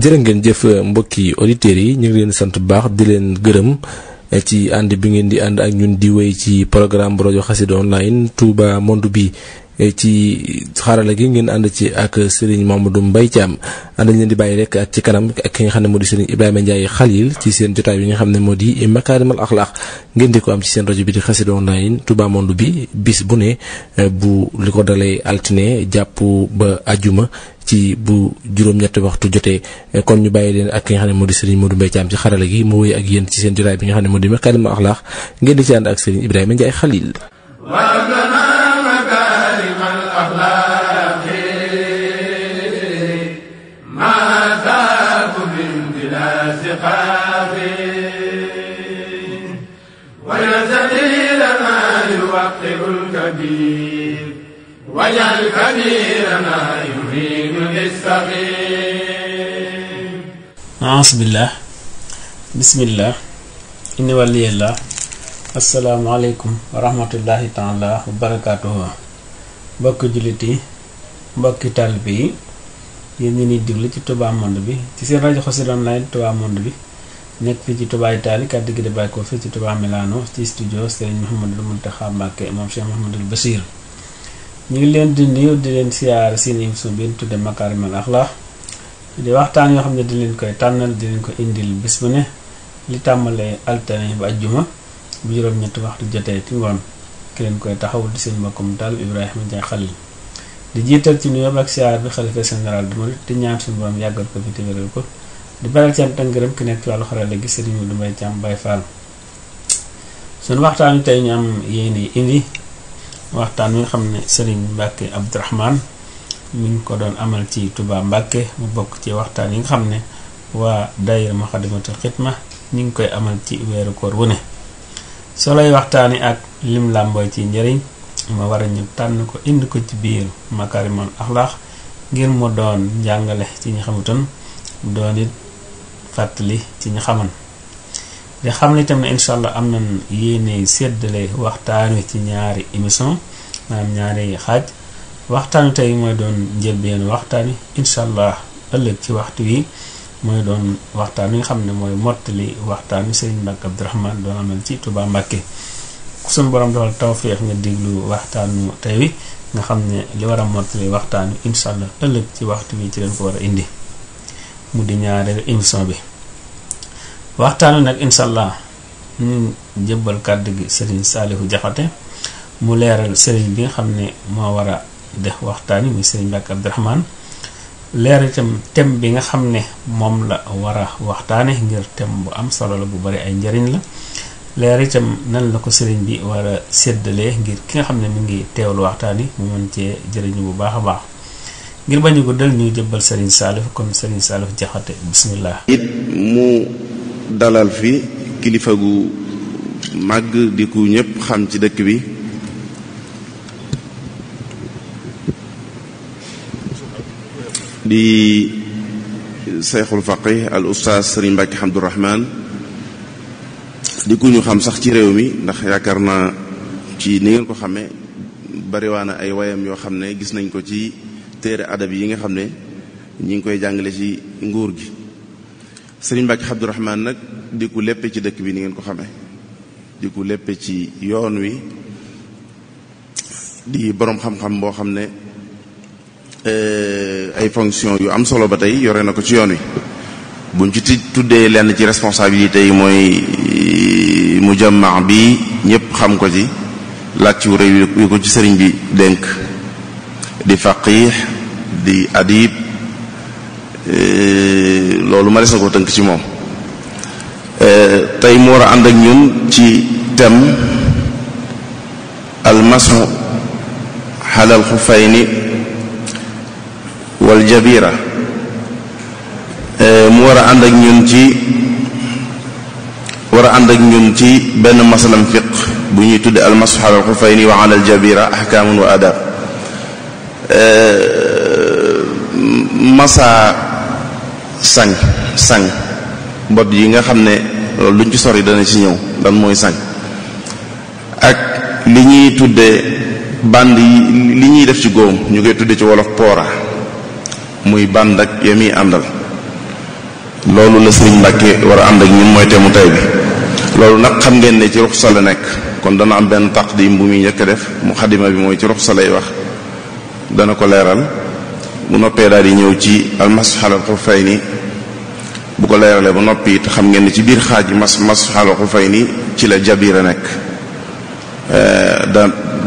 jërë ngeen jëf mbokki auditeurs yi ñu ngi leen sant bu baax di leen gërëm eh, ci ànd bi ngeen di ànd ak ñun di wéy ci programme bu rajo xasida online tuuba monde bi E, ci xarala gi ngeen ànd ci ak Serigne Mamadou Mbaye Thiam ànd leen di bàyyi rek ak ci kanam ak ki nga xam ne moo di Serigne Ibrahima Ndiaye Khalil ci seen jotaay bi nga xam ne moo di Makarimal Akhlaq ngeen di ko am ci seen rajo bi di Xassida Online Touba Monde bi bis bu ne e, bu li ko dalee altine jàpp ba ajuma ci bu juróom-ñetti waxtu jotee e, kon ñu bàyyi leen ak ki nga xam ne moo di Serigne Modou ci xarala gi mu ak yéen ci seen jotaay bi nga xam ne moo di Makarimal Akhlaq ngeen di ci ànd ak Serigne Ibrahima Ndiaye Khalil القريب واجعل كبيرنا يعين للصغير أعوذ بالله بسم الله إن ولي الله السلام عليكم ورحمة الله تعالى وبركاته mbokki jullit yi mbokki taalibe yi yéen ñi ñuy déglu ci Touba Monde bi ci seen rajo Xassida online Touba Monde bi nekk fii ci Touba Italie kàddu gi di bàyyi ko fii ci Touba Milano ci studio Serigne Mouhamadou Mountakha Mbacké moom Cheikh Mouhamadoul Bachir ñu ngi leen di nuyu di leen siyaar seen émission bi ñu tudde Makarimal Akhlaq di waxtaan yoo xam ne di leen koy tànnal di leen ko indil bis bu ne li tàmbalee altine ba ajjuma bu juróom-ñetti waxtu jotee ci ngoon ki leen koy taxawul di seen mbokkum taalib Ibrahima Ndiaye Khalil di jiital ci nuyoo ak siyaar bi xalifa général du Murid di ñaan suñu yàggal ko fi ko di baral ci am tan gërëm ki nekk ci wàllu xarala gi sëriñ Modou Mbaye Thiam Baye Fall suñu waxtaan wi tey ñu am yéene indi waxtaan wi nga xam ne sëriñ Mbàkke Abdourahman mu ngi ko doon amal ci Touba Mbàkke mu bokk ci waxtaan yi nga xam ne waa daayira Moukhaddamatoul ma ñu ngi koy amal ci weeru koor wu ne soloy waxtaan ak lim làmbooy ci njariñ ma war ñu tànn ko indi ko ci biir Makaarimul Axlaaq ngir mu doon njàngale ci ñi xamutoon doon it fàttali ci ñu xaman xam ne itam ne incha am nañ yéene séddale waxtaan wi ci ñaari émission maanaam ñaari xaaj mooy doon njëlbeen waxtaan wi incha allah ëllëg ci waxtu wi mooy doon waxtaan wi nga xam ne mooy mottali waxtaan wi Serigne Mbacke Abdourahmane doon amal ci Touba Mbacke ku suñu borom doxal tawféex nga déglu waxtaanu tey nga xam ne li war a mottali waxtaan wi incha allah ëllëg ci waxtu wi ci leen ko war a indi. mu di ñaareelu émission bi waxtaanu nag incha allah ñu jëbbal kàddu gi Serigne Saliou Diakhaté mu leeral Serigne bi nga xam ne moo war a def waxtaan yi muy Serigne Mbacké Abdourahmane leeral itam thème bi nga xam ne moom la war a waxtaane ngir thème bu am solo la bu bari ay njariñ la leeral itam nan la ko Serigne bi war a séddalee ngir ki nga xam ne mu ngi teewlu waxtaan yi mu mën cee jëriñu bu baax a baax. ngir bañu ko dal ñu jëbbal Serigne Salif kon Serigne Salif Jaxate bisimilah. it mu dalal fi kilifa gu màgg di ku ñëpp xam ci dëkk bi. di seexul faqih al ustaas Serigne Mbacke Hamdou Rahman di ku ñu xam sax ci réew mi ndax yaakaar naa ci ni ngeen ko xamee bariwaana ay wayam yoo xam ne gis nañ ko ci. téere adab yi nga xam ne ñu ngi koy jàngale ci nguur gi sëriñ Mbàkke Abdourahmane nag di ku léppe ci dëkk bi ni ngeen ko xame di ku léppe ci yoon wi di boroom xam-xam boo xam ne eh, ay fonction yu am solo ba tey yore na ko ci yoon wi buñ ci tuddee lenn ci responsabilité yi mooy eh, mujammaa bi ñëpp xam ko ci laaj ci wu ko ci sëriñ bi dénk di faqih di adib eh, loolu ma des na ko tënk ci moom eh, tey mu war a ànd ak ñun ci thème almasu xalal xufayni wal jabira eh, mu war a ànd ak ci war a ànd ak ñun ci benn masalam fiq bu ñuy tudde almasu xalal xufayni wa alal jabira ahkaamun wa adab Euh, massa sang sang mbott yi nga xam ne loolu luñ ci sori dana ci ñëw dan mooy sang ak li ñuy tudde band yi li ñuy def ci góom ñu koy tudde ci wolof poora muy band ak ya muy àndal loolu la sëriñ Mbàkke war a ànd ak ñun mooy mu tay bi loolu nag xam ngeen ne ci ruxsa la nekk kon dana am benn taqdim bu muy njëkk def mu xadima bi mooy ci ruxsa lay wax dana ko leeral bu noppee daal di ñëw ci almas xalal xufay ni bu ko leeralee ba noppi xam ngeen ne ci biir xaaj mas mas xalal xufay ni ci la jabira nekk eh, da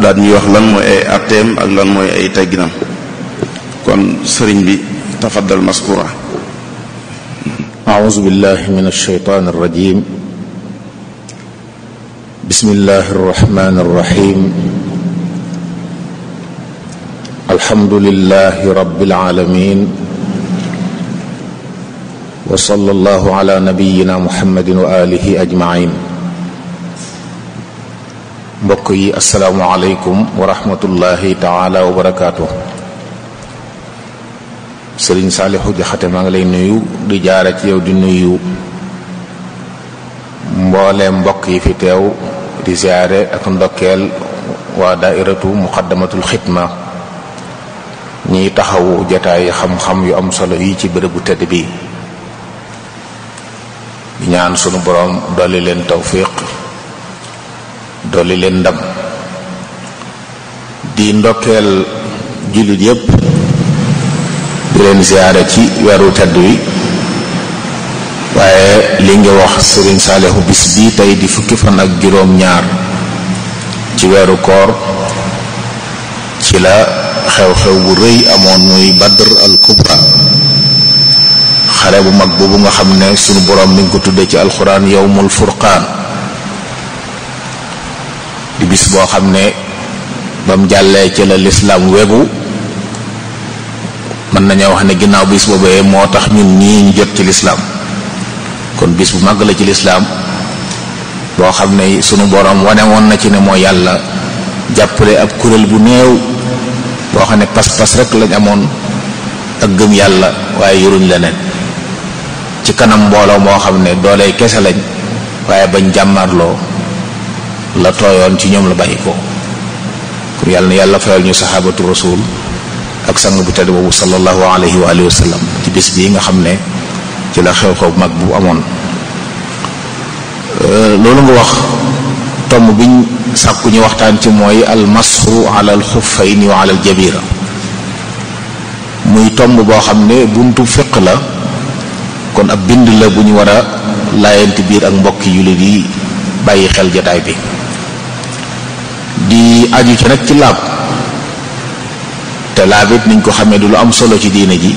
daal ñuy wax lan mooy ay atteem ak lan mooy ay tegginam kon sëriñ bi tafaddal maskura أعوذ بالله من الشيطان الرجيم بسم الله الرحمن الرحيم alhamdulilahi rabbil aalamiin wa sallallahu ala nabiyyina muhammadin wa alihi ajmain mbokk yi asalaamualeykum wa taala wa barakaatu sëriñ jaxate maa ngi lay nuyu di jaare ci yow di nuyu mbooleem mbokk yi fi teew di ziare ak waa daairatu muqaddamatul xidma ñiy taxawu jataay xam-xam yu am solo yi ci bërëbu tëdd bi ñaan sunu boroom dolli leen tawfiq dolli leen ndam di ndokkeel jullit yépp di leen ziyaare ci weeru tedd wi waaye li nga wax sëriñ saalihu bis bi tey di fukki fan ak juróom ñaar ci weeru koor ci la xew-xew bu rëy amoon muy badr al kubra xare bu mag boobu nga xam ne sunu borom mi ngi ko tuddee ci alxuraan yowmul furqaan di bis boo xam ne bam jàllee ci la lislaam wegu mën nañoo wax ne ginnaaw bis boobee moo tax ñun ñii ñu jot ci lislaam kon bis bu mag la ci lislaam boo xam ne sunu borom wane woon na ci ne moo yàlla jàppale ab kuréel bu néew boo xam ne pas-pas rek lañ amoon ak gëm yàlla waaye yoruñ leneen ci kanam mbooloo moo xam ne dooley kese lañ waaye bañ jàmmarloo la tooyoon ci ñoom la bàyyi ko kon yàlla yàlla fayal ñu saxaabatu rasul ak sang bu tedd boobu sallallahu alayhi wa alihi wa sallam ci bis bii nga xam ne ci la xew xew mag bu amoon euh, loolu nga wax tomb biñ sàkku ñu waxtaan ci mooy almasxu ala alxuffayni wa ala aljabira muy tomb boo xam ne buntu fiq la kon ab bind la bu ñu war a laayanti biir ak mbokki yu li di bàyyi xel jataay bi di aju ci nag ci laab te laab it niñ ko xamee du lu am solo ci diine ji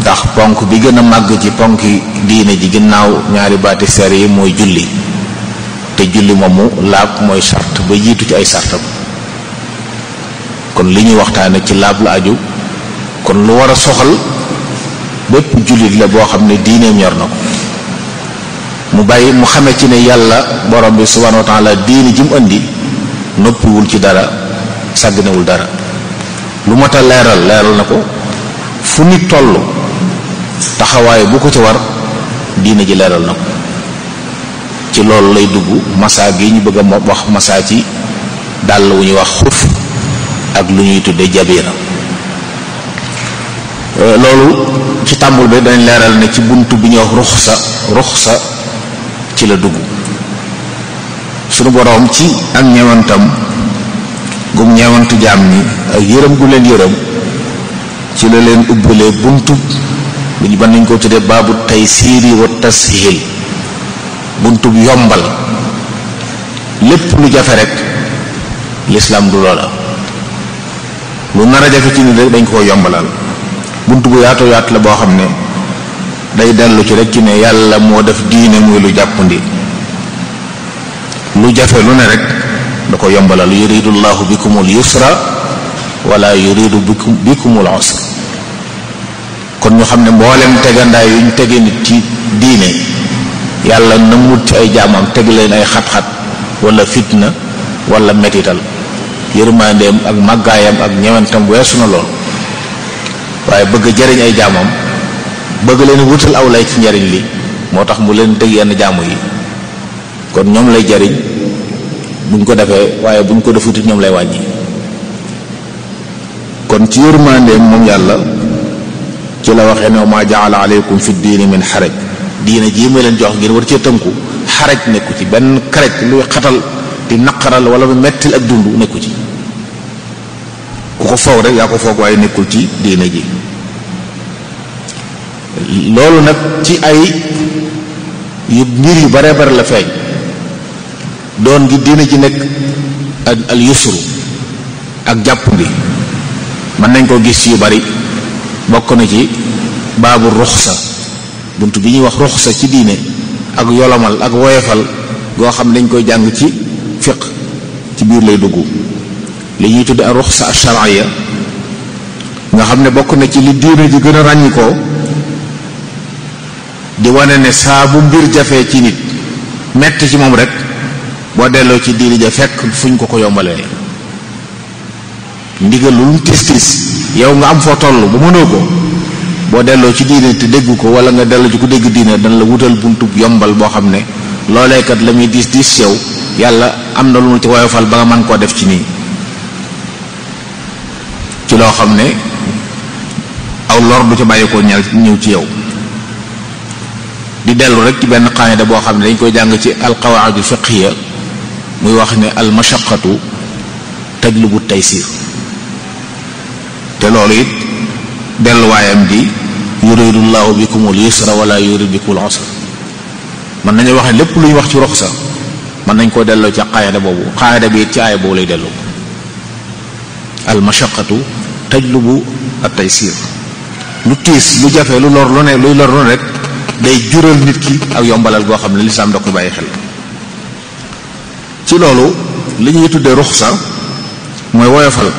ndax ponk bi gën a màgg ci ponk diine ji ginnaaw ñaari baati seer yi mooy julli te julli moomu laab mooy sart ba jiitu ci ay sartam kon li ñuy waxtaane ci laab la aju kon lu war a soxal bépp jullit la boo xam ne diineem ñor na ko mu bàyyi mu xame ci ne yàlla borom bi subhanahu wa taala diine ji mu indi noppiwul ci dara sàgganewul dara lu mat a leeral leeral na ko fu nit toll taxawaay bu ko ci war diine ji leeral na ko ci loolu lay dugg massa gi ñu bëgg a wax massa ci dàll wu ñuy wax xuf ak lu ñuy tudde jabiira euh, loolu ci tàmbul bi dañ leeral ne ci bunt bi ñuy wax ruxsa ruxsa ci la dugg sunu boroom ci ak ñewantam gum ñewantu jaam ni ak yërëm gu leen yërëm ci la leen ubbalee buntu lu ñu ban nañ ko tuddee baabu taysiiri wa tashil buntub yombal lépp lu jafe rek lislaam du loola lu nar a jafe ci nit rek dañ koo yombalal bunt bu yaatu yaat la boo xam ne day dellu ci rek ci ne yàlla moo def diine muy lu jàppandi lu jafe lu ne rek da ko yombalal yuridu llahu bikumul yusra wala yuridu bikumul usra kon ñu xam ne mboolem tegandaay yuñ tege nit ci diine yàlla na namut ci ay jaamam teg leen ay xat-xat wala na wala metital yërmandeem ak màggaayam ak ñewentam weesu na lool waaye bëgg jariñ ay jaamam bëgg leen wutal aw lay ci njariñ li moo tax mu leen teg yenn jàmm yi kon ñoom lay jariñ buñ ko defee waaye buñ ko def defuti ñoom lay wàññi kon ci yërmandeem moom yàlla ci la waxee ne maa jaala aleykum fi diini min xaraj diina jii ma leen jox ngeen war cee tënku xaraj nekku ci benn karaj luy xatal di naqaral wala bu mettil ak dund nekku ci ku ko foog rek yaa ko foog waaye nekkul ci diina ji loolu nag ci ay yu mbir yu bare bare la feeñ doon gi diina ji nekk al yusru ak jàpp bi mën nañ koo gis ci yu bari bokk na ci baabu ruxsa bunt bi ñuy wax sa ci diine ak yolomal ak woyofal goo xam ne dañ koy jàng ci fiq ci biir lay dugg li ñuy tudde ak ruxsa ash-shar'iyya nga xam ne bokk na ci li diine ji gën a ràññikoo di wane ne saa bu mbir jafee ci nit metti ci moom rek boo delloo ci diine ja fekk fuñ ko ko yombalee ndigal lu mu tis tis yow nga am foo toll bu mënoo ko boo delloo ci diine te dégg ko wala nga delloo ci ku dégg diine dana la wutal buntu yombal boo xam ne looleekat la muy diis diis yow yàlla am na lu mu ci woyofal ba nga mën koo def ci nii ci loo xam ne aw lor du ci bàyyi ko ñal ñëw ci yow di dellu rek ci benn qaayida boo xam ne dañ koy jàng ci alqawaaidu fiqhiya muy wax ne al mashaqatu tajlubu taysir te loolu it delluwaayam di yuridu llahu bikum al yusra wala yuridu bikum al mën nañu wax lépp lu wax ci rox sa mën nañ koo delloo ci qaayida boobu qaayida bi ci aaya boobu lay delloo al mashaqatu tajlubu at taysir lu tiis lu jafe lu lor ne lu ne rek day jural nit ki ak yombalal goo xam ne lislaam da ko bàyyi xel ci loolu li ñuy tuddee roxusa mooy woyofal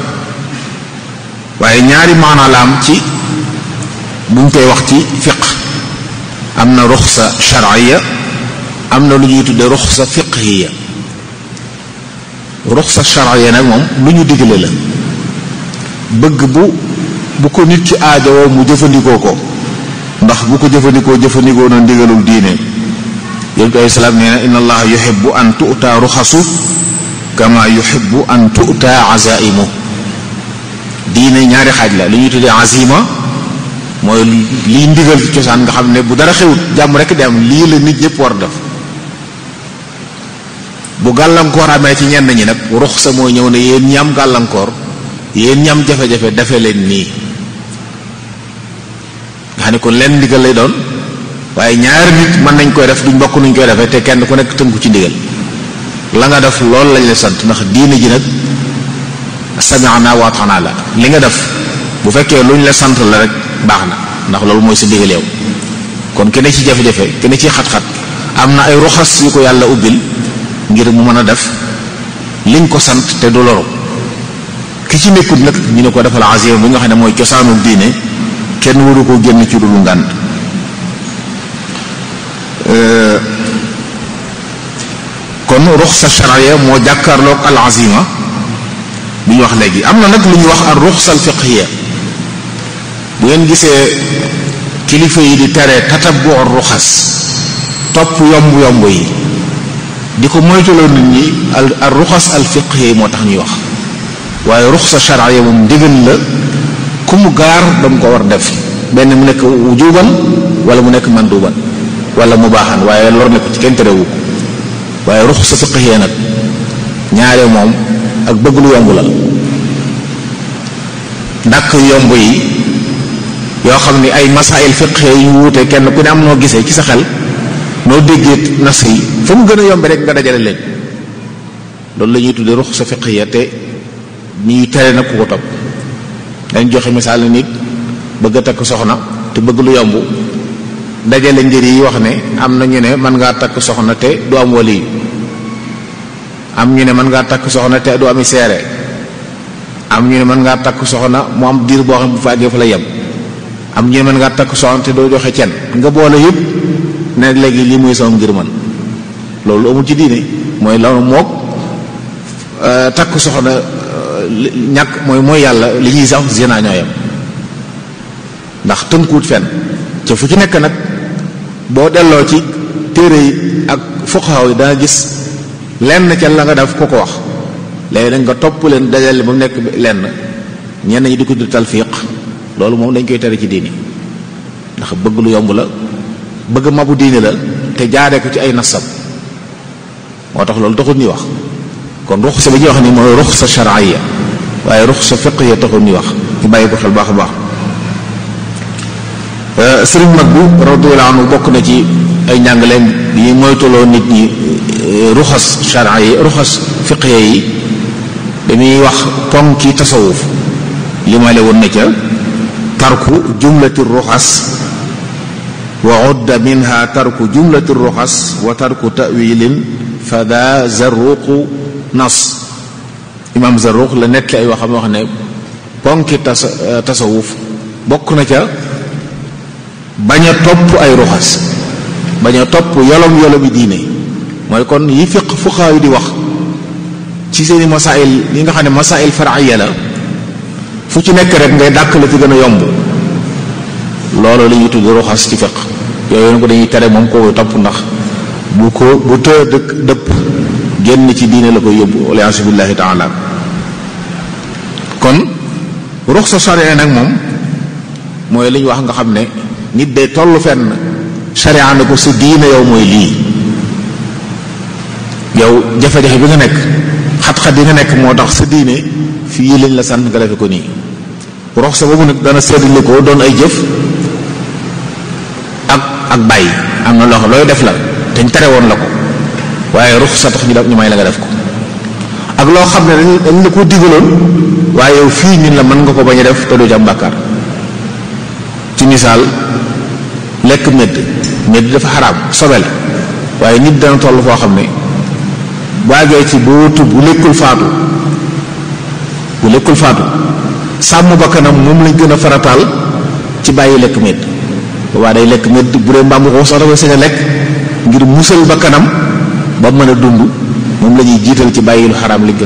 waaye ñaari maanaa ci buñ koy wax ci fiq am na ruxsa shar'iyya am na lu ñuy tudde ruxsa fiqhiyya ruxsa shar'iyya nag moom lu ñu digle la bëgg bu bu ko nit ci aajowoo mu jëfandikoo ko ndax bu ko jëfandikoo jëfandikoo na ndigalul diine yonent bi salaam nee na inna allaha yuhibbu an tu'ta ruxasu kama yuhibbu an tu'ta azaimu diine ñaari xaaj la lu ñuy tuddee azima mooy lii ndigal cosaan nga xam ne bu dara xewut jàmm rek di am lii la nit ñëpp war def bu gàllankoor amee ci ñenn ñi nag rux sa ñëw na yéen ñi gàllankoor yéen ñi am defe leen nii nga ne kon leen ndigal lay doon waaye ñaari nit mën nañ koy def duñ mbokk nuñ koy defee te kenn ku nekk tënku ci ndigal la nga def loolu lañ la sant ndax diine ji nag sami'na wa ata'na la li nga def bu fekkee luñ la sant la rek baax na ndax loolu mooy sa digaleew kon kenn ci jafe-jafe kenn ci xat-xat am na ay ruxas yu ko yàlla ubbil ngir mu mën a def liñ ko sant te du loro ki ci nekkut nag ñu ne ko defal azim bu nga xam ne mooy cosaanu diine kenn waru koo génn ci dulu ngànt euh, kon ruxsa charia moo jàkkaarloog al azima bu ñu wax léegi am na nag lu ñu wax al ruxsa al fiqhiya bu ngeen gisee kilifa yi di tere tataboor ruxas topp yomb yomb yi di ko moytuloo nit ñi al ruxas al fiqhi moo tax ñuy wax waaye sa charia moom ndigal la ku mu gaar dam ko war def benn mu nekk wujuban wala mu nekk manduban wala mu baaxan waaye lor nekk ci kenn terewu ko waaye ruxsa fiqhi nag ñaare moom ak bëgg lu yomb la ndàkk yomb yi yoo xam ni ay masaayil fiq yu ñu wuute kenn ku ne am noo gisee ci sa xel noo déggee nas yi fa mu gën a yomb rek nga dajale leen loolu la ñuy tudde rux sa fiqiya te ñuy tere nag ku ko topp dañ joxe misaal na nit bëgg a takk soxna te bëgg lu yomb dajale njër yi wax ne am na mën ngaa takk soxna te du am wali am ñu ne mën ngaa takk soxna te du ami seere am ñu ne mën ngaa takk soxna mu am diir boo xam bu fa àggee fa la yem am ñu mën ngaa takk soxna te doo joxe cen nga boole yëpp ne léegi lii muy sama ngir man loolu amul ci diine mooy la mook euh, takk soxna euh, ñàkk mooy mooy yàlla li ñuy sax ñoo ñooyam ndax tënkuwut fen ca fu ci nekk nag boo delloo ci téere yi ak fuqaha yi danga gis lenn ca la nga def ko ko wax léegi nag nga topp leen dajale ba mu nekk lenn ñenn ñi di ko du talfiq loolu moom dañ koy tere ci diini ndax bëgg lu yomb la bëgg mabu diini la te jaaree ko ci ay nasab moo tax loolu taxul ñuy wax kon ruxsa bi ñuy wax ni mooy ruxsa shar'iyya waaye ruxsa fiqhiyya taxul ñuy wax ñu bàyyi ko xel baax a baax euh, sëriñ mag bi radiyallahu anhu bokk na ci ay njàngaleem yi moytuloo nit ñi euh, ruxas sharia yi ruxas fiqhiyya yi dañuy wax ci tasawuf limale woon na ca tarku jumlati ruxas wa udda minha tarku jumlati ruxas wa tarku tawilin fa daa zaruqu nas imaam zaruq la nettali ay waxam wax ne ponki euh, tasawuf bokk na ca bañ a topp ay ruxas bañ a topp yolom yolomi diine mooy kon yi fiq fuqaa yi di wax ci seeni masail yi nga xam ne masail faraiya la fu ci nekk rek ngay dàkk la ci gën a yomb looloo la ñuy tudd roxas ci fiq yooyu na ko dañuy tere moom koo topp ndax bu ko bu tëë dëkk dëpp génn ci diine la koy yóbbu aliasu billahi taala kon rux sa charia nag moom mooy li wax nga xam ne nit de tollu fenn charia ne ko sa diine yow mooy lii yow jafe-jafe bi nga nekk xat-xat yi nga nekk moo tax sa diine fii lañ la sant nga defe ko nii roxsa boobu nag dana séddale ko doon ay jëf ak ak bàyyi am na loxo looy def la te ñu tere woon la ko waaye ruxsa tax ñu def ñu may la nga def ko ak loo xam ne dañ dañ la ko digaloon waaye fii ñun la mën nga ko bañ a def te doo ci misaal lekk medd medd dafa xaraam sobe la waaye nit dana toll foo xam ne baagee ci boo tub bu lekkul faatu bu lekkul faatu sàmm bakkanam moom lañ gën a farataal ci bàyyi lekk medd boobaa day lekk medd bu dee mbaam bu xonq sax da koy sañ a lekk ngir musal bakkanam ba mën a dund moom la ñuy jiital ci bàyyi lu xaraam liñ ko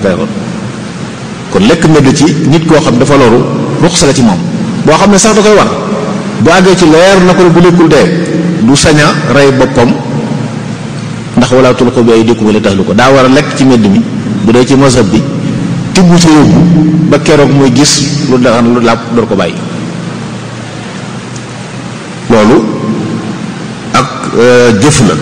kon lekk medd ci nit koo xam dafa loru ruxsa la ci moom boo xam ne sax da koy war bu àggee ci leer na ko ne bu lekkul dee du sañ a rey boppam ndax wala tulqu bi aydikum wa la tahluka daa war a lekk ci medd mi bu dee ci mazhab bi tibb sa yóbbu ba keroog mooy gis lu dagan lu làpp door ko bàyyi loolu ak euh, jëf la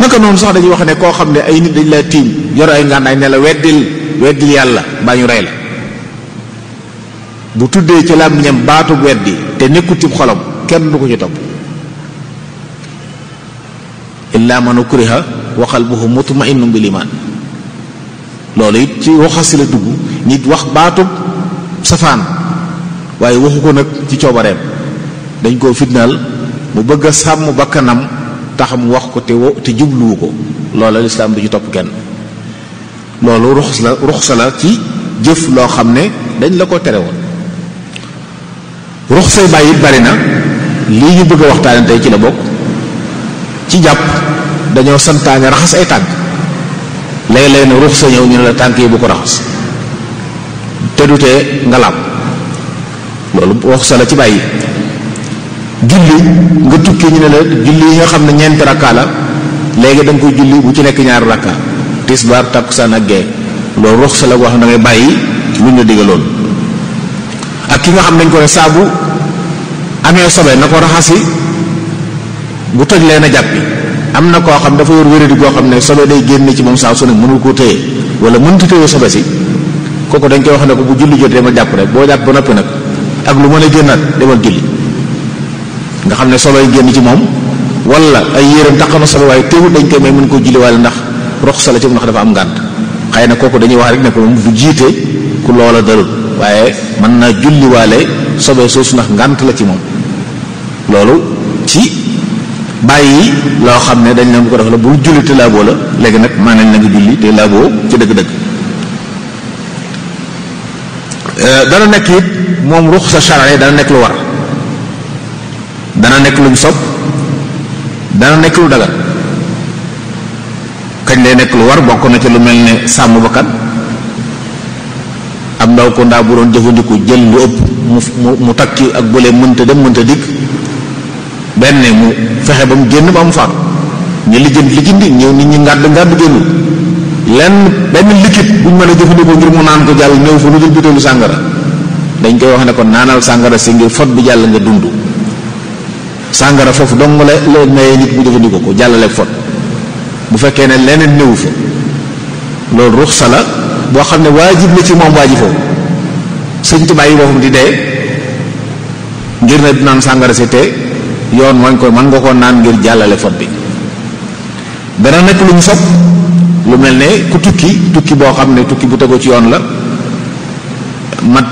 naka noonu sax dañuy wax ne koo xam ne ay nit dañ la tiim yor ay ngànnaay ne la weddil weddil yàlla baa ñu rey la bu tuddee ci làmmiñam baatub weddi te nekkul ci xolom kenn du ko ci topp illa man ukriha wa qalbuhu mutma'innun bil iman loolu it ci waxasi la dugg nit wax baatu safaan waaye waxu ko nag ci coobareem dañ koo fitnaal mu bëgg a sàmm bakkanam tax mu wax ko te wo te jubluwu ko loola lislaam du ci topp kenn loolu rux la la ci jëf loo xam ne dañ la ko tere woon rux say bàyyi bari na lii ñu bëgg a waxtaane tey ci la bokk ci jàpp dañoo santaane raxas ay tànk léeg-léeg na ruux sa ñëw ñu ne la tànk yi bu ko raxas te dutee nga laab loolu wax sa la ci bàyyi julli nga tukki ñu ne la julli yi nga xam ne ñeenti rakka la léegi da koy julli bu ci nekk ñaari rakka tisbaar takkusaan ak gee loolu ruux sa la wax da ngay bàyyi luñ la digaloon ak ki nga xam dañ ko ne saabu amee sobe na ko raxas raxasi bu toj leen a jàppi am na koo xam dafa yor wéradi goo xam ne sobe day génn ci moom saa su ne mënul koo téye wala mënut a téye sobe si kooku dañ koy wax ne ko bu julli jot demal jàpp rek boo jàpp ba noppi nag ak lu mën a génnaat demal julli nga xam ne sobe yi génn ci moom wala ay yére taq na sobe waaye teewul dañ koy may mën koo julli waale ndax rox sala ci ndax dafa am ngànt xëy na kooku dañuy wax rek ne ko moom du jiite ku loola daral waaye mën naa julli waale sobe soosu ndax ngànt la ci moom bàyyi loo xam ne dañ la bu ko def la bul julli te laaboo la léegi nag maa nañ la nga julli te laaboo ci dëgg-dëgg euh, dana nekk it moom ruux sa charé dana nekk lu war dana nekk luñ sopp dana nekk lu dagal kañ lay nekk lu war bokk na ci lu mel ne sàmm bakkan am ndaw ko ndaa bu doon jëfandiku jël lu ëpp mu mu takki ak bële mënta dem mënta dikk benn mu fexe ba mu génn ba mu faatu ñu lijjant di ñëw nit ñi ngàdd ngàdd génnul lenn benn liquide bu ñu mën a jëfandikoo ngir mu naan ko jàll néew fa lu dul butéelu sàngara dañ koy wax ne kon naanal sàngara si ngir fot bi jàll nga dund sàngara foofu dong la la nit bu jëfandikoo ko jàllaleeg fot bu fekkee ne leneen néew fa loolu ruxsa la boo xam ne waajib la ci moom waajib foofu sëñ Tuubaa yi boppam di dee ngir ne naan sàngara si tee yoon wañ koy mën nga koo naan ngir jàllale fot bi dana nekk lu ñu sopp lu mel ne ku tukki tukki boo xam ne tukki bu tego ci yoon la mat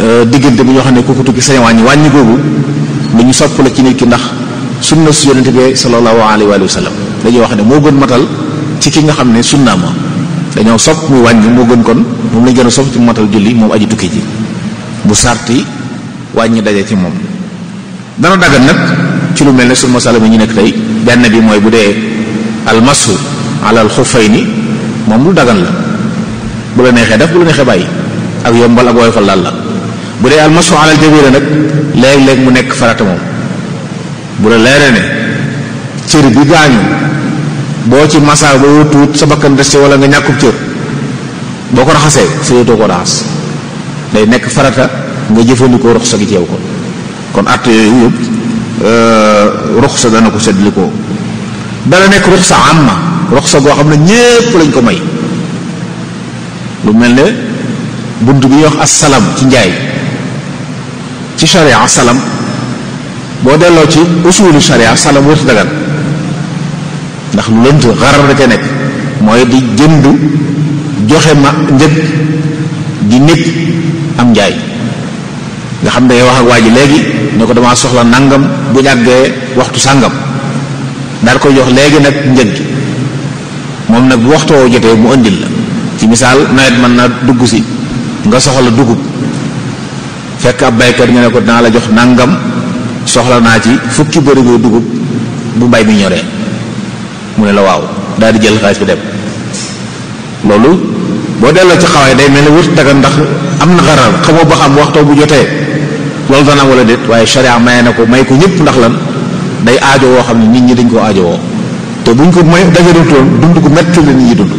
euh, diggante bu ñoo xam ne ku ko tukki sañ wàññi wàññi googu lu ñu sopp la ci nit ki ndax sunna su yonente bi sallallahu alayhi wa sallam dañuy wax ne moo gën matal ci ki nga xam ne sunna ma dañoo sopp muy wàññi moo gën kon moom lañ gën a sopp ci matal julli moom aji tukki ji bu sarti wàññi daje ci moom dana daggan nag ci lu mel ne sunu masala bi ñu nekk tey benn bi mooy bu dee almasu ala ni moom lu daggan la bu la neexee def bu la neexee bàyyi ak yombal ak woyofal daal la bu dee almasu ala aljabira nag léeg-léeg mu nekk farata moom bu la leeree ne cër bi gaañu boo ci masaa ba wutuwut sa bakkan ndes ci wala nga ñàkkub cër boo ko raxasee sa yëtoo ko raxas day nekk farata nga jëfandikoo rox sa gi ko kon àtte yooyu yëpp euh, ruxsa dana ko seddlikoo dana nekk ruxsa amma ruxsa goo xam ne ñépp lañ ko may lu mel ne bunt bi ñuy wax assalam ci njaay ci charia assalam boo delloo ci usulu charia salam wërti dagan ndax lu lënt xarar da ca nekk mooy di jënd joxe ma njëg di nekk am njaay nga xam day wax ak waa ji léegi ñoo ko damaa soxla nangam bu ñàggee waxtu sàngam daal koy jox léegi nag njëg gi moom nag bu waxtoo jotee mu indil la ci misaal nawet mën naa dugg si nga soxla dugub fekk ab baykat nga ne ko dinaa la jox nangam soxla naa ci fukki bërigoo dugub bu mbay bi ñoree mu ne la waaw daal di jël xaalis bi dem loolu boo delloo ci xawaay day mel ni wut ndax am na xaral xamoo ba xam waxtoo bu jotee loolu dana wala déet waaye sharia maye na ko may ko ñëpp ndax lan day aajo woo xam ne nit ñi dañ koo aajo woo te buñ ko may dajarutoon dund ko métti la nit ñi dund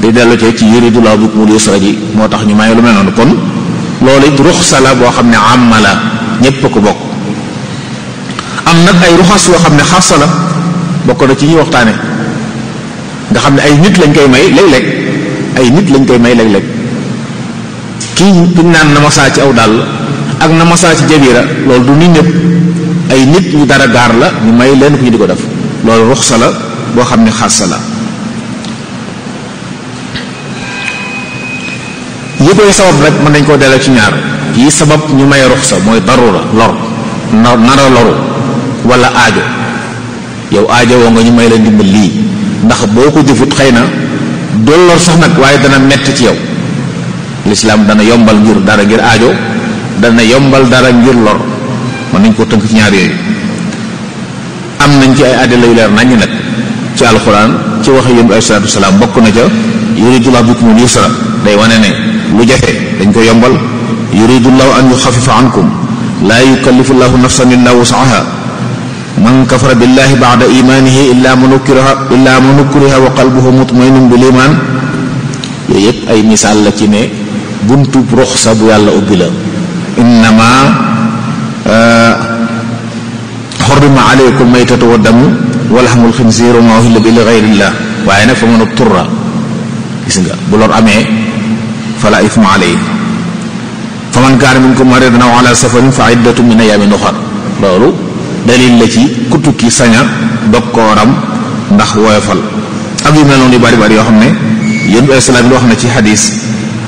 day dellu cee ci yuridu laahu bikumul yusra ji moo tax ñu maye lu mel noonu kon loolu it ruxsa la boo xam ne amma la ñëpp ko bokk am nag ay ruxas yoo xam ne xassa la bokk na ci ñuy waxtaane nga xam ne ay nit lañ koy may léeg lekk ay nit lañ koy may léeg lekk kii kuñ naan na masaa ci aw dàll ak na masaa ci jabira loolu du nit ñëpp ay nit ñu dara gaar la ñu may leen ku ñu di ko def loolu ruxsa la boo xam ne sa la yi koy sabab rek mën nañ koo delloo ci ñaar yi sabab ñu may sa mooy darura lor nara loru wala aajo yow aajo woo nga ñu may la ndimbal lii ndax boo ko jëfut xëy na doo lor sax nag waaye dana mett ci yow lislaam dana yombal ngir dara ngir aajo dana yombal dara ngir lor mën nañ ko tënk ci ñaar yooyu am nañ ci ay àddila yu leer naññ nag ci alxuraan ci wax yéen bi ay salaatu bokk na ca yuridullahu bikumul yusra day wane ne lu jafe dañ ko yombal yuridullahu an yuxafifa ankum laa yukallifu llahu nafsan illa wusaha man kafara billahi bada imanihi illa man ukriha illa man ukriha wa qalbuhu mutmainun bil iman yooyu yëpp ay misaal la ci ne buntu ruxsa bu yàlla ubbi la innama euh, ma aleykum maytatu wa damu walhamul xinsiir wa ma uhilla bi li gayrillah waaye nag fa man turra gis nga bu lor amee fala ithma aley fa man kaana minkum mariidan aw ala safarin fa iddatu min ayaamin uxar loolu dalil la ci ku tukki saña dog ndax woyofal ak yu mel yu bari bari yoo xam ne yéen islaam yi wax na ci xadis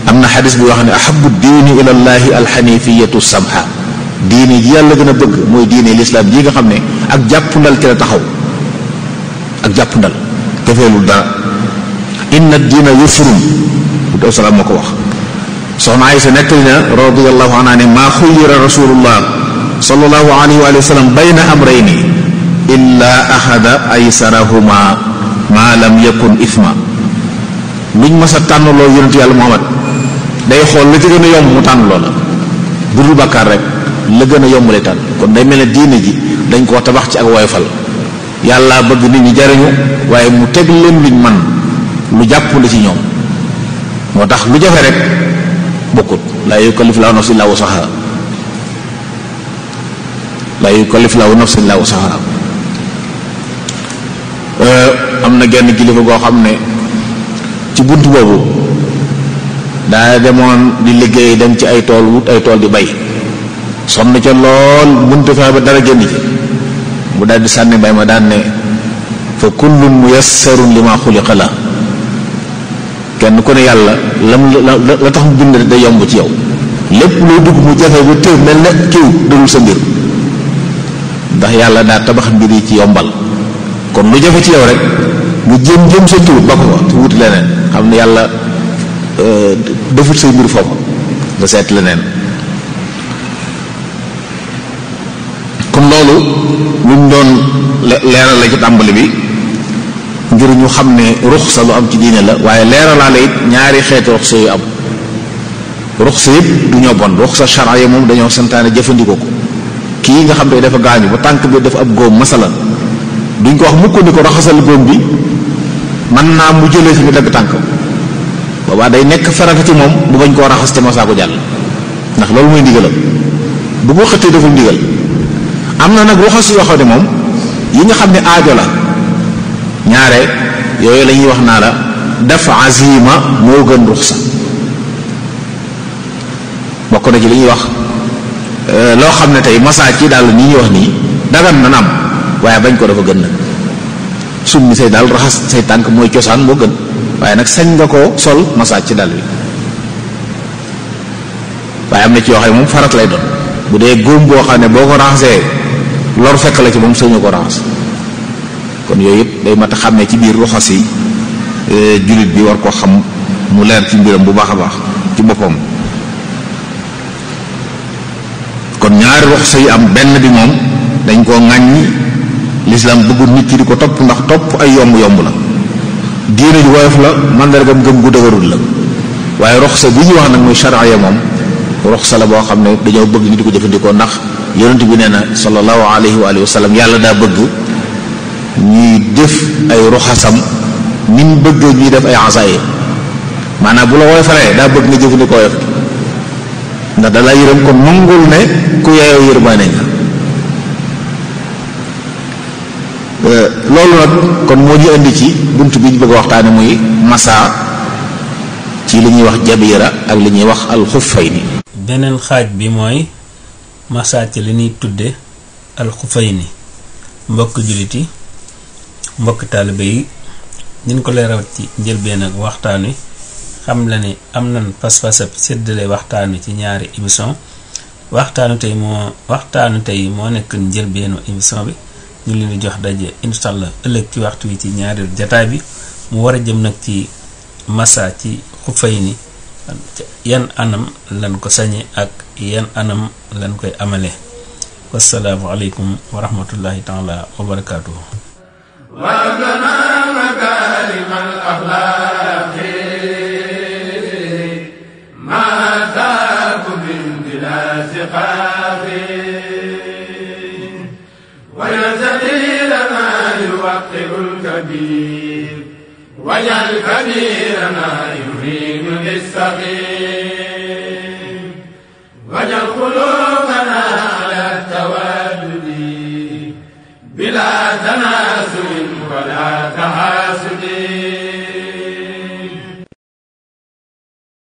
am na xadis bi yoo xam ne ahabu diini ila llahi alxanifiyatu samha diine ji yàlla gën a bëgg mooy diine lislaam ji nga xam ne ak jàppundal ci la taxaw ak jàppundal defeelul dara inna diina yusrun bu aw salaam moo ko wax soxna Aysa nettali na radiallahu anha ne maa xuyira rasulullah sallallahu alayhi wa sallam bayna amrayni illa ahada aysarahuma maa lam yakun ithma luñ mas a tànnaloo yonentu yàlla muhammad day xool la ci gën a yomb mu tànn loola bu dul bàkkaar rek la gën a yomb lay tànn kon day mel ne diine ji dañ koo tabax ci ak woyofal yàlla bëgg nit ñi jariñu waaye mu teg leen luñ man lu jàppale ci ñoom moo tax lu jafe rek bokkut laa yukallifu laahu nafsan illaa wusahaa laa yukallifu laahu nafsan illaa wusahaa euh, am na genn kilifa goo xam ne ci bunt boobu daana demoon di liggéey dem ci ay tool wut ay tool di bay sonn ca lool muntu fexe ba dara génn ci mu daldi sànni bay ma daan ne fa kullun muyassarun li ma xuliqa la kenn ku ne yàlla lam la tax mu bind da yomb ci yow lépp loo dugg mu jafe bu tëw mel na kiw dul sa mbir ndax yàlla daa tabax mbir yi ci yombal kon lu jafe ci yow rek nga jëm jëm sa tur ba ko te wut leneen xam ne yàlla Euh, defut say mbir foofu nga seet leneen kon loolu luñ doon le leeral la ci tàmbali bi ngir ñu xam ne ruxsa lu am ci diine la waaye leeralaale it ñaari xeeti ruxsa yu am ruxsa yëpp du ñoo bon ruxsa charia moom dañoo sentaane jëfandikoo ko kii nga xam te dafa gaañu ba tànk bi dafa ab góom masala duñ ko wax mukk ni ko raxasal góom bi mën naa mu jëlee fi ñu dagg tànk waa day nekk farata ci moom bu bañ koo raxas te ko jàll ndax loolu mooy ndigalam bu ko xëttee deful ndigal am na nag waxas yoo xam ne moom yi nga xam ne aajo la ñaare yooyu la wax naa la def azima moo gën ruxsa bokk na ci li ñuy wax euh, loo xam ne tey masaa ci daal ni ñuy wax nii dagan na am waaye bañ ko dafa gën nag summi say daal raxas say tànk mooy cosaan moo gën waaye nag sañ nga ko sol masaaj ci dal bi waaye am na ci yoo xam ne moom farat lay doon bu dee góom boo xam ne boo ko raxasee lor fekk la ci moom sañu ko raxas kon yooyu yëpp day mat a xàmmee ci biir ruxas yi euh, jullit bi war koo xam mu leer ci mbiram bu baax a baax ci boppam kon ñaari ruxsa yi am benn bi moom dañ koo ŋàññi lislaam bëggul nit ki di ko topp ndax topp ay yomb yomb la diine ju woyof la mandargam gëm gu dëgërul la waaye roxsa bi ñu wax nag muy charia moom roxsa boo xam ne dañoo bëgg ñu di ko jëfandikoo ndax yonent bi nee na sallallahu alayhi wa alihi wa yàlla daa bëgg ñuy def ay roxasam ni mu bëgg ñuy def ay asaaye maanaam bu la woyofalee daa bëgg nga jëfandikoo woyof ndax da yërëm kon nangul ne ku yaayoo yërmaane nga Eh, loolu nag kon moo ñu indi ci bunt bi ñu bëgg a muy massa ci li ñuy wax jabira ak li ñuy wax alxufayni beneen xaaj bi mooy massa ci li ñuy tudde alxufayni mbokk jullit mbokk taalibe yi ñu ko leeral ci njëlbeen ak waxtaan wi xam la am nan pas-pasab séddale waxtaan wi ci ñaari émission waxtaanu tey moo waxtaanu tey moo nekk njëlbeenu émission bi ñu leen jox daje incha allah ëllëg ci waxtu wi ci ñaareelu jataay bi mu war a jëm nag ci massa ci xufay ni yan anam lan ko sañe ak yan anam lan koy amale wassalaamu aleykum wa rahmatullahi taala الحبيب واجعل كبيرنا يريد بالسقيم واجعل قلوبنا على التودد بلا تناسل ولا تحاسد